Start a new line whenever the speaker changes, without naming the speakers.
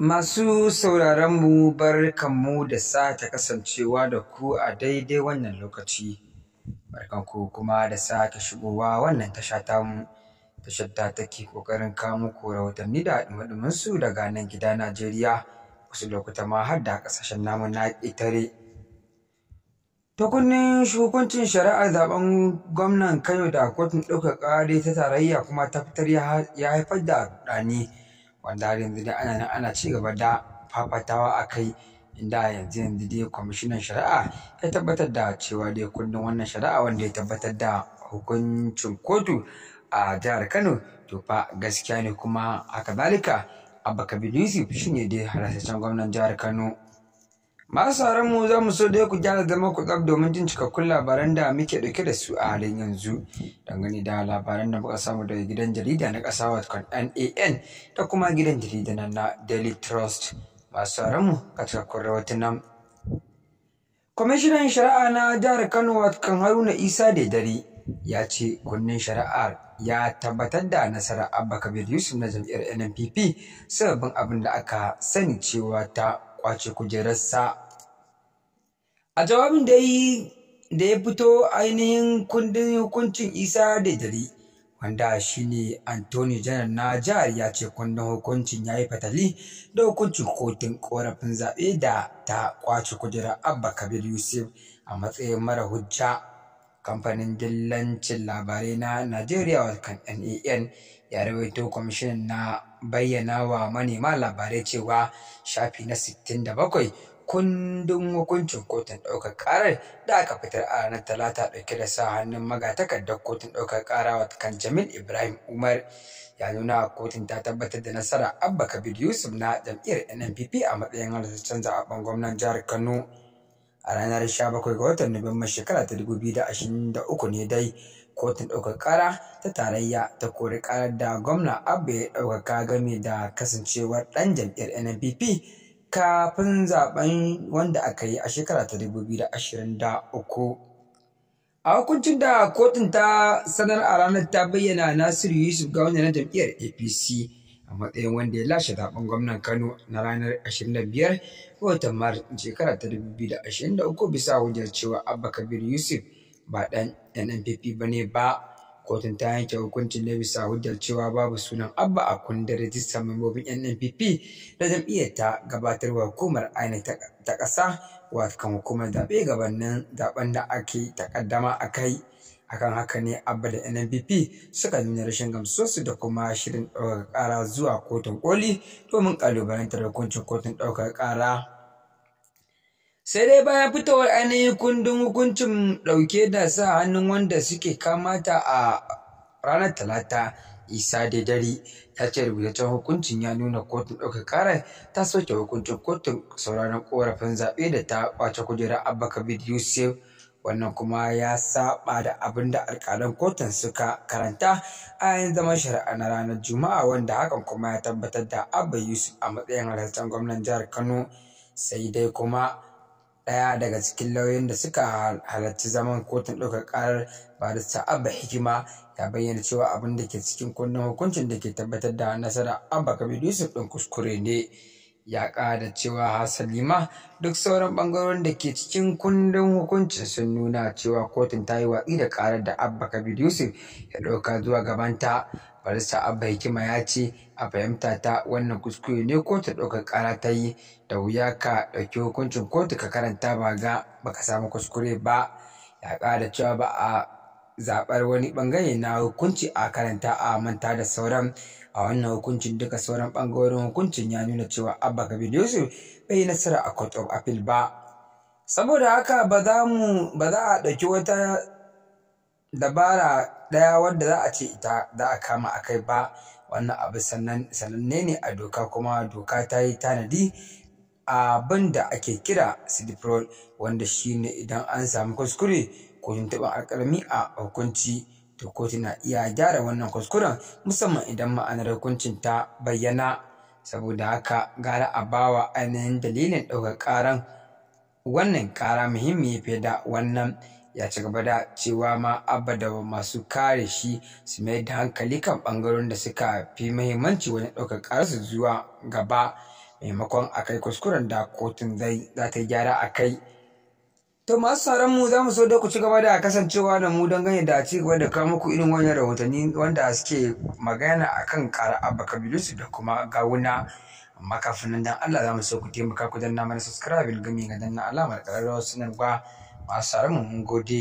Masu sauraronmu barkanmu da sake kasancewa da ku a daidai wannan lokaci, barkanku kuma da sake shigowa wannan tasha tamu, tashar ta take ƙoƙarin kawo muku rahotanni da su daga nan gida Najeriya, wasu lokuta ma har da ƙasashen namu na ƙetare. Ta shugabancin shari'ar zaben gwamnan Kano da kotun ɗaukar ƙare ta tarayya kuma ta fitar ya haifar da rani. wanda har yanzu dai ana nan ana ci gaba da fafatawa a kai inda a yanzu yanzu dai kwamishinan shari'a ya tabbatar da cewa dai kundin wannan shari'a wanda ya tabbatar da hukuncin kotu a jihar kano to fa gaskiya ne kuma haka zalika abba kabir yusuf shine dai halartaccen gwamnan jihar kano masu mu za mu so dai ku gyara zama ku tsab domin jin cikakkun labaran da muke dauke da su a halin yanzu gani da labaran da muka samu daga gidan jarida na ƙasa wato nan da kuma gidan jarida na daily trust masu mu a cikakkun rawatun nan kwamishinan shari'a na jihar kano kan haruna isa da dare ya ce kunnen shari'ar ya tabbatar da nasarar abba kabir yusuf na jam'iyyar nnpp sababbin abin da aka sani cewa ta ƙwace kujerarsa a jawabin da yi da ya fito ainihin kundin hukuncin isa da dare wanda shine antony janar na jihar ya ce kundin hukuncin ya yi fatali da hukuncin kotun korafin zaɓe da ta ƙwace kujerar abba kabir yusuf a matsayin mara hujja kamfanin dillancin labarai na najeriya wakan nan ya rawaito kwamishinan na bayyana wa manema labarai cewa shafi na sittin da bakwai, kundin hukuncin kotun ɗaukar ƙarar da aka fitar a ranar talata ɗauke da sa hannun magatakardar kotun ɗaukar ƙara kan jamil ibrahim umar ya nuna kotun ta tabbatar da nasara abba kabir yusuf na jam'iyyar nnpp a matsayin canza zaɓen gwamnan jihar kano a ranar 17 ga watan Nuwamban shekara ta 2023 ne dai kotun ɗaukar ƙara ta tarayya ta kori ƙarar da gwamna Abba ya ɗaukaka game da kasancewar ɗan jam'iyyar NNPP kafin zaɓen wanda aka yi a shekara ta 2023. A hukuncin da kotun ta sanar a ranar ta bayyana Nasiru Yusuf ga na jam'iyyar APC. a matsayin wanda ya lashe zaɓen gwamnan Kano na ranar 25 watan Maris shekara ta 2023 bisa hujjar cewa Abba Kabir Yusuf ba dan NNPP ba ne ba kotun ta yanke hukuncin ne bisa hujjar cewa babu sunan Abba a kundin rajistar membobin NNPP da jam'iyyar ta gabatarwa hukumar ainihin ta ƙasa wato kan hukumar zaɓe gabanin zaɓen da ake takaddama a kai. akan haka ne abba da nnpp suka nuna rashin gamsuwarsu da kuma shirin ɗaukar ƙara zuwa kotun koli domin ƙalubalantar hukuncin kotun ɗaukar ƙara sai dai bayan fitowar ainihin kundin hukuncin ɗauke da sa hannun wanda suke kamata a ranar talata isa dare ta ce rubutaccen hukuncin ya nuna kotun ɗaukar ƙara ta soke hukuncin kotun sauraron korafin zaɓe da ta ƙwace kujerar abba kabir yusuf wannan kuma ya saɓa da abin da alkalan kotun suka karanta a yayin zaman shari'a na ranar juma'a wanda hakan kuma ya tabbatar da abba yusuf a matsayin halartar gwamnan jihar kano sai dai kuma ɗaya daga cikin lauyoyin da suka halarci zaman kotun ɗaukar ƙarar barista abba hikima ya bayyana cewa abin da ke cikin kunnen hukuncin da ke tabbatar da nasarar abba kabir yusuf ɗin kuskure ne ya ƙara cewa hasali ma duk sauran ɓangarorin da ke cikin kundin hukuncin sun nuna cewa kotun ta yi watsi da ƙarar da abba kabir yusuf ya ɗauka zuwa gabanta barista abba hikima ya ce a fahimta ta wannan kuskure ne ta ɗaukar ƙara ta yi da wuya ka ɗauki hukuncin kotu ka karanta ba ga baka samu kuskure ba ya ƙara cewa ba a zaɓar wani ɓangare na hukunci a karanta a manta da sauran a wannan hukuncin duka sauran ɓangarorin hukuncin ya nuna cewa abba kabir yusuf bai yi nasara a court of appeal ba saboda haka ba za mu ba za a ɗauki wata dabara ɗaya wadda za a ce ita za a kama a kai ba wannan abu sananne ne a doka kuma doka ta yi tanadi abin da ake kira sidipro wanda shine idan an samu kuskure ko tuntuɓa alƙalami a hukunci to kotu na iya gyara wannan kuskuren musamman idan ma'anar hukuncin ta bayyana saboda haka gara a bawa ainihin dalilin ɗaukar ƙaran wannan ƙara muhimmi fiye da wannan ya ci gaba da cewa ma abada masu kare shi su mai da hankali kan ɓangaren da suka fi muhimmanci wajen ɗaukar ƙararsu zuwa gaba maimakon a kai kuskuren da kotun zai za ta gyara a kai To masu sauran mu za mu so da ku ci gaba da kasancewa da mu don ganye da a ci gaba da kawo muku irin wannan rahotanni wanda suke magana a kan kara abba kabilusu da kuma gawuna amma dan Allah za mu so ku taimaka ku danna mana subscribe gami ga danna alamar ƙararrawar sanarwa masu sauran mu mun gode.